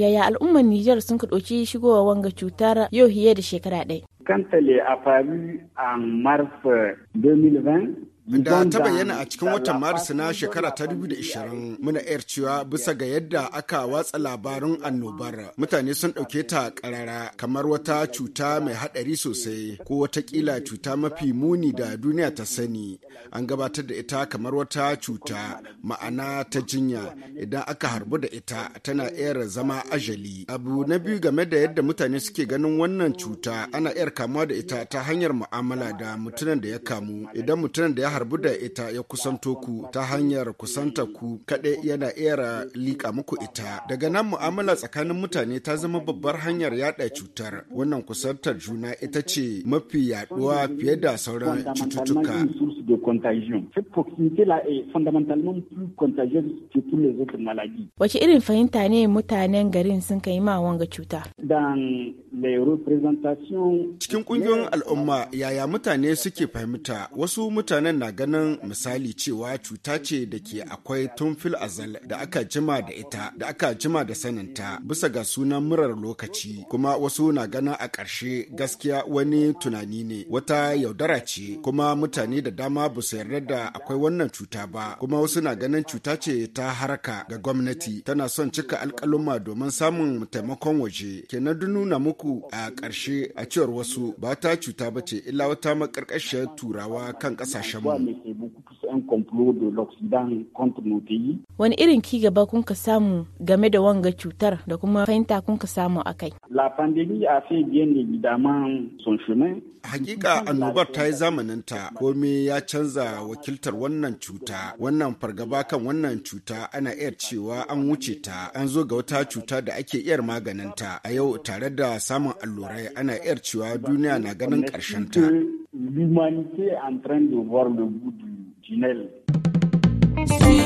yaya al'ummar Nijar sun ka ɗauki shigowa wanga cutar yau hiye da shekara ɗaya. Quand a est a en mars 2020, eh, da ta bayyana a cikin watan maris na shekara ta da 2020 muna yar cewa bisa ga yadda aka watsa labarin annobar mutane sun ɗauke ta karara kamar wata cuta mai haɗari sosai ko watakila cuta mafi muni da duniya ta sani an gabatar da ita kamar wata cuta ma'ana ta jinya idan aka harbu da ita tana iya zama ajali abu na biyu game da yadda mutane suke ganin wannan cuta ana iya kamuwa da ita ta hanyar mu'amala da mutumin da ya kamu idan mutumin da ya harbu da ita ya kusanto ku ta hanyar kusanta ku kaɗai yana iya liƙa muku ita. Daga nan mu'amala tsakanin mutane ta zama babbar hanyar yaɗa cutar. Wannan kusantar juna ita ce mafi yaɗuwa fiye da sauran cututtuka. Wace irin fahimta ne mutanen garin sun kai ma wanga cuta? Cikin ƙungiyoyin al'umma yaya mutane suke fahimta wasu mutanen na ganin misali cewa cuta ce da ke akwai tun fil azal da aka jima da ita da aka jima da saninta bisa ga sunan murar lokaci kuma wasu na ganin a ƙarshe gaskiya wani tunani ne wata yaudara ce kuma mutane da dama ba su yarda da akwai wannan cuta ba kuma wasu na ganin cuta ce ta haraka ga gwamnati tana son cika alƙaluma domin samun taimakon waje kenan duk nuna muku uku a ƙarshe a cewar wasu ba ta cuta ba ce illa wata makarkashiyar turawa kan ƙasashen mu. Wani irin ki gaba kun ka samu game da wanga cutar da kuma fahimta kun ka samu a kai? Hakika annobar ta yi zamaninta komai ya canza wakiltar wannan cuta wannan fargaba kan wannan cuta ana iya cewa an wuce ta an zo ga wata cuta da ake iya maganinta a yau tare da samun allurai ana iya cewa duniya na ganin ƙarshenta ta. L'humanité en train de voir le bout du tunnel.